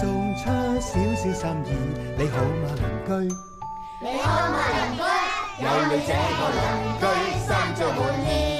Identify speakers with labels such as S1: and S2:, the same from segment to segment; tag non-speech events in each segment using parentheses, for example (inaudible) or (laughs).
S1: 送出少少心意，你好嗎？鄰居？
S2: 你好嗎鄰居？
S3: 有你這個鄰居，心中滿意。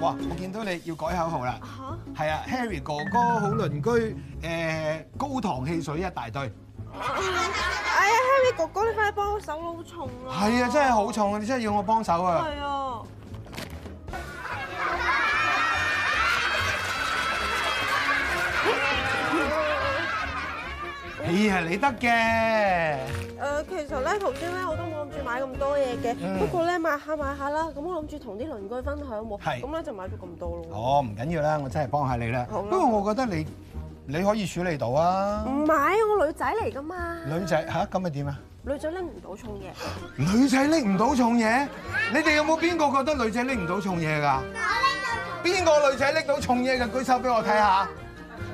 S1: 哇！我見到你要改口號啦，係啊，Harry 哥哥好鄰居，誒高糖汽水一大堆。
S2: 哎呀，Harry 哥哥，你快啲幫我手啦，好重啊！係啊，真
S1: 係好重啊，你真係要我幫手啊！係啊。你係，你得嘅。誒，其實頭先咧我都冇
S2: 買咁多嘢嘅，不過咧買下買下啦，咁我諗住同啲鄰居分享喎，咁咧就買咗咁多
S1: 咯。哦，唔緊要啦，我真係幫下你啦。不過我覺得你你可以處理到啊。
S2: 唔係，我女仔嚟噶嘛
S1: 女仔吓，咁咪點啊？女
S2: 仔拎
S1: 唔到重嘢。女仔拎唔到重嘢？你哋有冇邊個覺得女仔拎唔到重嘢噶？我拎到重。邊個女仔拎到重嘢嘅？舉手俾我睇下。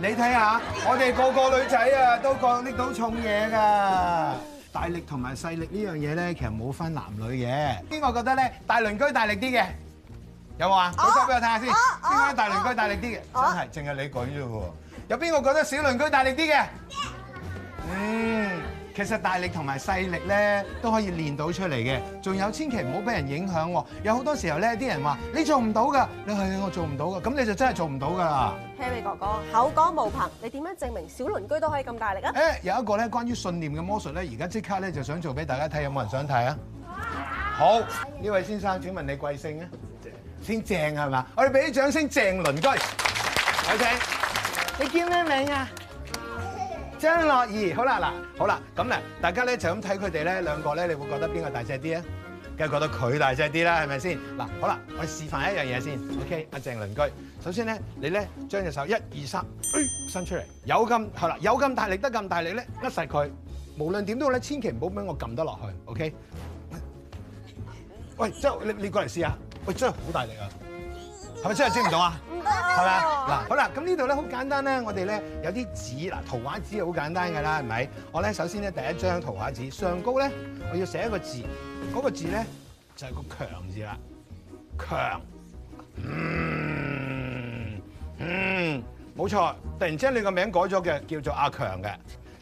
S1: 你睇下，我哋個個女仔啊，都講拎到重嘢噶大力同埋細力呢樣嘢咧，其實冇分男女嘅。邊個覺得咧大鄰居大力啲嘅？有冇啊？舉手俾我睇下先。邊個大鄰居大力啲嘅？真係淨係你講啫喎。有邊個覺得小鄰居大力啲嘅？嗯。其實大力同埋細力咧都可以練到出嚟嘅，仲有千祈唔好俾人影響喎。有好多時候咧，啲人話你做唔到㗎，你係我做唔到㗎，咁你就真係做唔到㗎啦。Harry 哥哥口講無憑，你點樣證明小鄰居
S2: 都可以咁大力
S1: 啊？誒，有一個咧關於信念嘅魔術咧，而家即刻咧就想做俾大家睇，有冇人想睇啊？好，呢位先生請問你貴姓啊？姓鄭正，姓鄭係嘛？我哋俾啲掌聲，鄭鄰居，OK。你叫咩名啊？張樂怡，好啦，嗱，好啦，咁咧，大家咧就咁睇佢哋咧兩個咧，你會覺得邊個大隻啲啊？梗係覺得佢大隻啲啦，係咪先？嗱，好啦，我哋示範一樣嘢先，OK？阿鄭鄰居，首先咧，你咧將隻手一二三、呃，伸出嚟，有咁係啦，有咁大力得咁大力咧，一實佢，無論點都好，咧，千祈唔好俾我撳得落去，OK？喂，即係你你過嚟試下，喂，真係好大力啊！係咪真係整唔到啊？唔得啊！係咪？嗱，好啦，咁呢度咧好簡單咧，我哋咧有啲紙，嗱，圖畫紙好簡單嘅啦，係咪？我咧首先咧第一張圖畫紙上高咧，我要寫一個字，嗰、那個字咧就係個強字啦，強。嗯，冇、嗯、錯，突然之間你個名改咗嘅，叫做阿強嘅，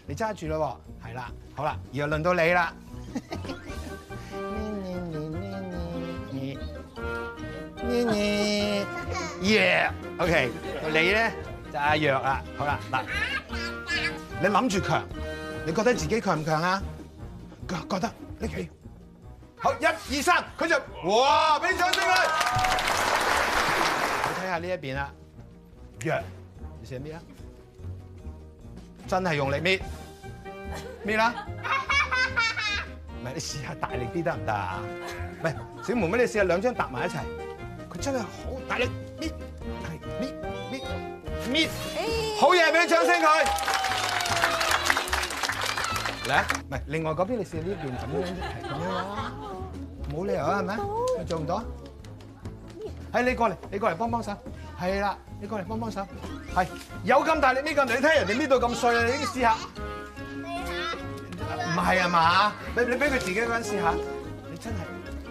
S1: 你揸住咯，係啦，好啦，然後輪到你啦。 (laughs) yeah，OK，你咧就阿弱啦，好啦嗱，你諗住強，你覺得自己強唔強啊？覺覺得，你企好，一二三，佢就哇，俾掌聲佢。你睇下呢一邊啦，弱，你寫咩啊？真係用力搣搣啦，唔係你試下大力啲得唔得啊？唔係小妹妹，你試下兩張搭埋一齊，佢真係好大力搣。好嘢，俾你，掌聲佢。嚟啊，唔係，另外嗰邊你試呢邊咁樣，
S3: 咁樣，
S1: 冇理由啊，係咪啊？做唔到？係你過嚟，你過嚟幫幫手。係啦，你過嚟幫幫手。係，有咁大力呢個女，你睇下人哋呢度咁衰，你試下。唔係啊嘛？你你俾佢自己嗰陣試下。你真係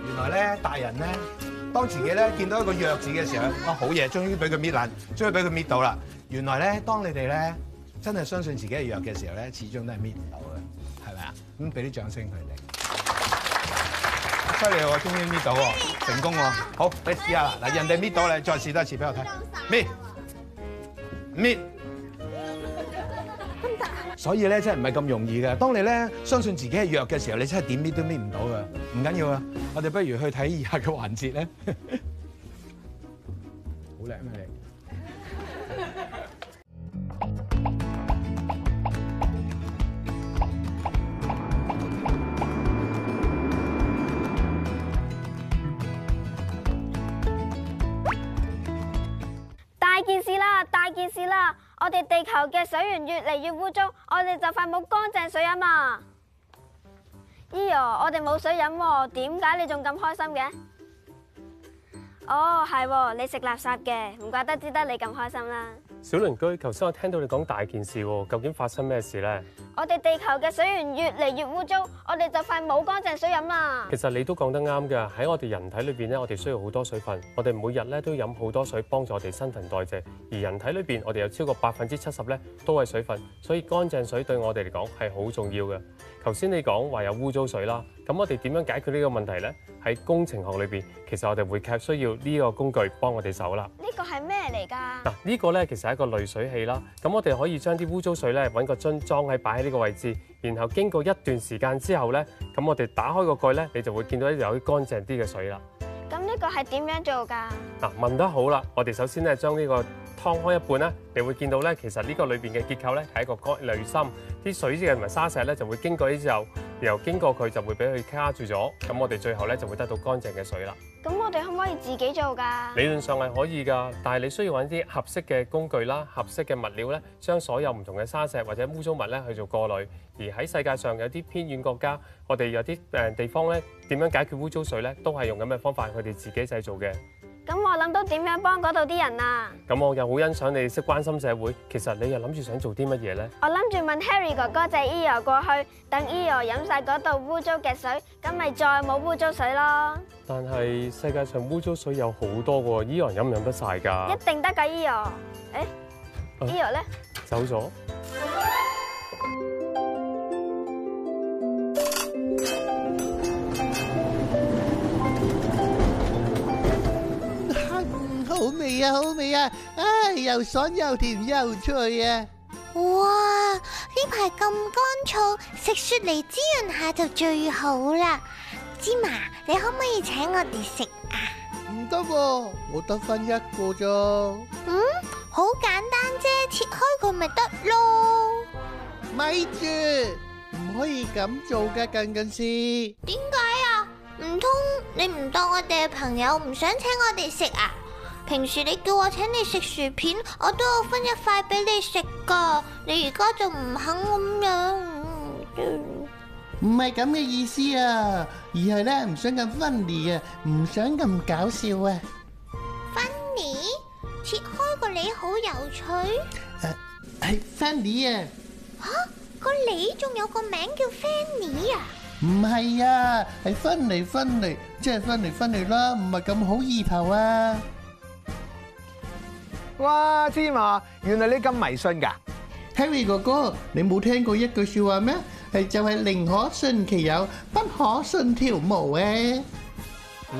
S1: 原來咧大人咧。當自己咧見到一個弱字嘅時候，哇好嘢，終於俾佢搣爛，終於俾佢搣到啦！原來咧，當你哋咧真係相信自己係弱嘅時候咧，始終都係搣唔到嘅，係咪啊？咁俾啲掌聲佢哋，犀利喎，終於搣到喎，成功喎！好，你試下啦，嗱人哋搣到，你再試多一次俾我睇，搣，搣。所以咧真係唔係咁容易嘅，當你咧相信自己係弱嘅時候，你真係點搣都搣唔到嘅。唔緊要啊，我哋不如去睇以下嘅環節咧。好
S2: 大件事啦，大件事啦！我哋地球嘅水源越嚟越污糟，我哋就快冇乾淨水飲啦。咿唷，我哋冇水飲，點解你仲咁開心嘅？哦，係喎，你食垃圾嘅，唔怪得之得你咁開心啦。
S4: 小鄰居，頭先我聽到你講大件事，究竟發生咩事呢？
S2: 我哋地球嘅水源越嚟越污糟，我哋就快冇乾淨水飲啦。
S4: 其實你都講得啱噶，喺我哋人體裏邊咧，我哋需要好多水分，我哋每日咧都飲好多水，幫助我哋新陳代謝。而人體裏邊，我哋有超過百分之七十咧都係水分，所以乾淨水對我哋嚟講係好重要嘅。頭先你講話有污糟水啦。咁我哋點樣解決呢個問題咧？喺工程學裏邊，其實我哋會卻需要呢個工具幫我哋手啦。
S2: 呢個係咩嚟㗎？嗱，
S4: 呢個咧其實係一個濾水器啦。咁我哋可以將啲污糟水咧揾個樽裝喺擺喺呢個位置，然後經過一段時間之後咧，咁我哋打開個蓋咧，你就會見到有啲乾淨啲嘅水啦。
S2: 咁呢個係點樣做㗎？
S4: 嗱，問得好啦。我哋首先咧將呢個劏開一半咧，你會見到咧其實呢個裏邊嘅結構咧係一個濾芯，啲水質同埋沙石咧就會經過呢就。然後經過佢就會俾佢卡住咗，咁我哋最後咧就會得到乾淨嘅水啦。
S2: 咁我哋可唔可以自己做噶？
S4: 理論上係可以噶，但係你需要揾啲合適嘅工具啦，合適嘅物料咧，將所有唔同嘅沙石或者污糟物咧去做過濾。而喺世界上有啲偏遠國家，我哋有啲誒地方咧，點樣解決污糟水咧，都係用咁嘅方法，佢哋自己製造嘅。
S2: 咁我諗到點樣幫嗰度啲人啊？
S4: 咁我又好欣賞你識關心社會。其實你又諗住想做啲乜嘢咧？
S2: 我諗住問 Harry 哥哥借 e a 過去，等 e a 飲晒嗰度污糟嘅水，咁咪再冇污糟水咯。
S4: 但係世界上污糟水有好多嘅，e a 飲唔飲得晒噶？一
S2: 定得噶 Eo。誒，e a 咧？e 啊？
S4: 走咗。
S5: 好味啊，好味啊！唉，又爽又甜又脆啊！
S3: 哇！呢排咁乾燥，食雪梨滋潤下就最好啦。芝麻，你可唔可以請我哋食啊？唔得，我
S5: 得翻一個咋？嗯，
S3: 好簡單啫，切開佢咪得咯。
S5: 咪住，唔可以咁做㗎，近近先。
S3: 點解啊？唔通你唔當我哋嘅朋友，唔想請我哋食啊？平時你叫我請你食薯片，我都有分一塊俾你食噶。你而家就唔肯咁樣，唔係咁嘅意思
S5: 啊，而係咧唔想咁 funny 啊，唔想咁搞笑啊。
S3: funny 切開個梨好有趣，係、uh, uh, funny 啊。吓、啊、個梨仲有個名叫 Fanny 啊？唔係
S5: 啊，係分梨分梨，即係分離分離啦，唔係咁好意頭啊。哇！芝麻，原來你咁迷信㗎，Harry 哥哥，你冇聽過一句説話咩？係就係寧可信其有，不可信其無啊。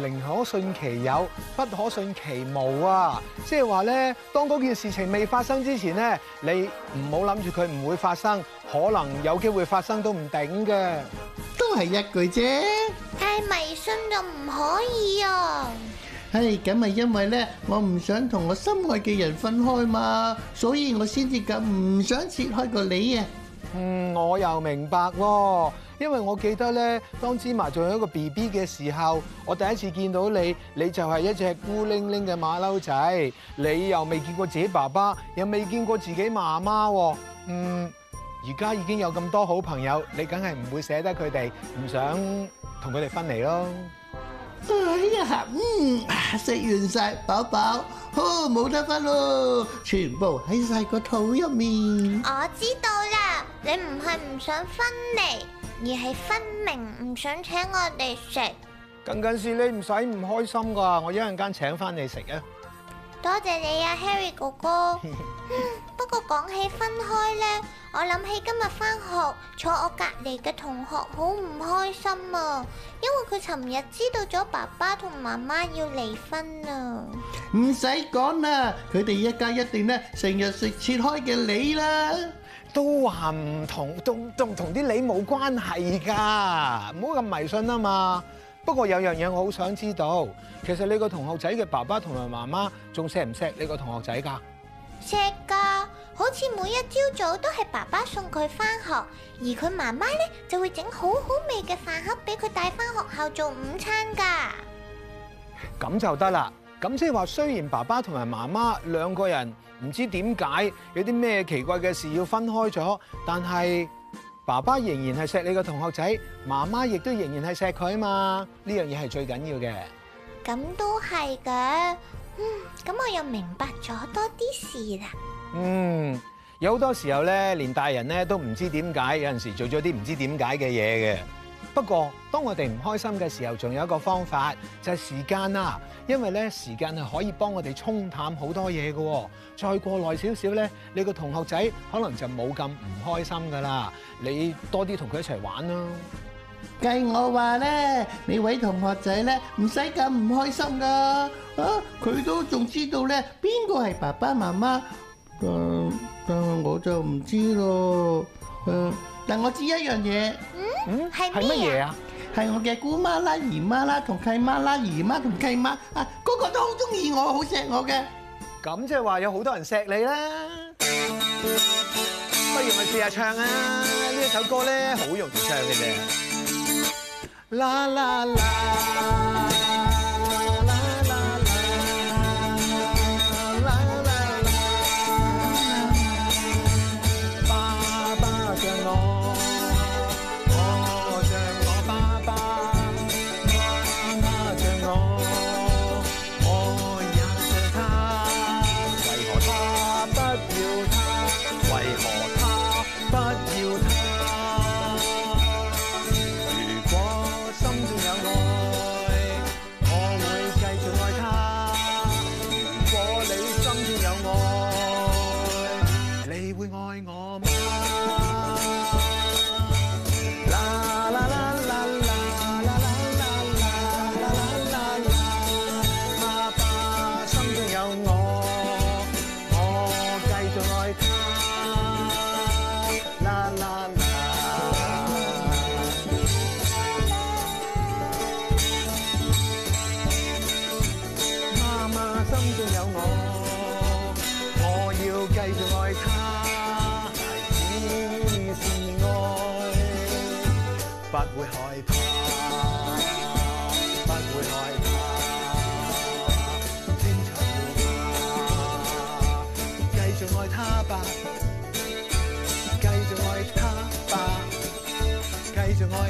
S5: 寧可信其有，不可信其
S1: 無啊！即係話咧，當嗰件事情未發生之前咧，你唔好諗住佢唔會發生，可能有機會發生都唔頂嘅。都係一句啫，
S3: 係迷信就唔可以啊！
S5: 係咁咪因為咧，我唔想同我心愛嘅人分開嘛，所以我先至咁唔想切開個你啊。嗯，我又明白喎，因為我記得咧，當
S1: 芝麻仲有一個 BB 嘅時候，我第一次見到你，你就係一隻孤零零嘅馬騮仔，你又未見過自己爸爸，又未見過自己媽媽。嗯，而家已經有咁多好朋友，你梗係唔會捨得佢哋，唔想同佢哋分離咯。
S5: 哎呀，嗯，食完晒飽飽，哦，冇得分咯，全部喺晒個肚入面。
S3: 我知道啦，你唔係唔想分離，而係分明唔想請我哋食。
S1: 僅僅是你唔使唔開心㗎，我一陣間請翻你食啊！
S3: 多謝你啊，Harry 哥哥。 (laughs) 嗯、不過講起分開咧。我諗起今日翻學坐我隔籬嘅同學好唔開心啊，因為佢尋日知道咗爸爸同媽媽要離婚啊。
S5: 唔使講啦，佢哋一家一定咧成日食切開嘅梨啦。都話唔同，仲都同啲梨冇關係噶，唔好咁
S1: 迷信啊嘛。不過有樣嘢我好想知道，其實你個同學仔嘅爸爸同埋媽媽仲錫唔錫你個同學仔噶？
S3: 錫噶。好似每一朝早都係爸爸送佢翻學，而佢媽媽咧就會整好好味嘅飯盒俾佢帶翻學校做午餐噶
S1: 咁就得啦。咁即係話，雖然爸爸同埋媽媽兩個人唔知點解有啲咩奇怪嘅事要分開咗，但係爸爸仍然係錫你個同學仔，媽媽亦都仍然係錫佢啊嘛。呢樣嘢係最緊要嘅。
S3: 咁都係嘅。嗯，咁我又明白咗多啲事啦。
S1: 嗯，有好多時候咧，連大人咧都唔知點解，有陣時做咗啲唔知點解嘅嘢嘅。不過當我哋唔開心嘅時候，仲有一個方法，就係時間啦。因為咧，時間係可以幫我哋沖淡好多嘢嘅。再過耐少少咧，你個同學仔可能就冇咁唔開心噶啦。你多啲同佢一齊玩囉。
S5: 計我話咧，你位同學仔咧唔使咁唔開心噶。啊！佢都仲知道咧，邊個係爸爸媽媽？但但係我就唔知咯。誒，但我知一樣嘢。嗯？係咩啊？係乜嘢啊？係我嘅姑媽啦、姨媽啦、同契媽啦、姨媽同契媽啊，個個都好中意我，好錫我嘅。咁即係話有好多人錫你啦。
S1: 不如咪試下唱啊！呢一首歌咧好容易唱嘅啫。
S5: 啦啦啦。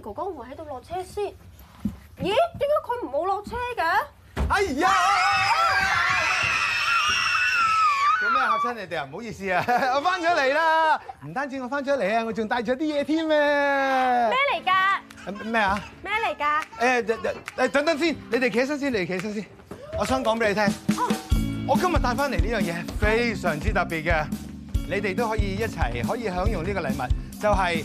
S2: 哥哥會喺度落車先？咦？點解佢唔冇落車嘅噶？哎呀！
S1: 做咩吓親你哋啊？唔好意思啊，我翻咗嚟啦。唔單止我翻咗嚟啊，我仲帶咗啲嘢添咩？咩嚟
S2: 噶？咩啊？咩嚟噶？
S1: 誒誒誒，等等先，你哋企起身先，你哋企起身先。我想講俾你聽，我今日帶翻嚟呢樣嘢非常之特別嘅，你哋都可以一齊可以享用呢個禮物，就係。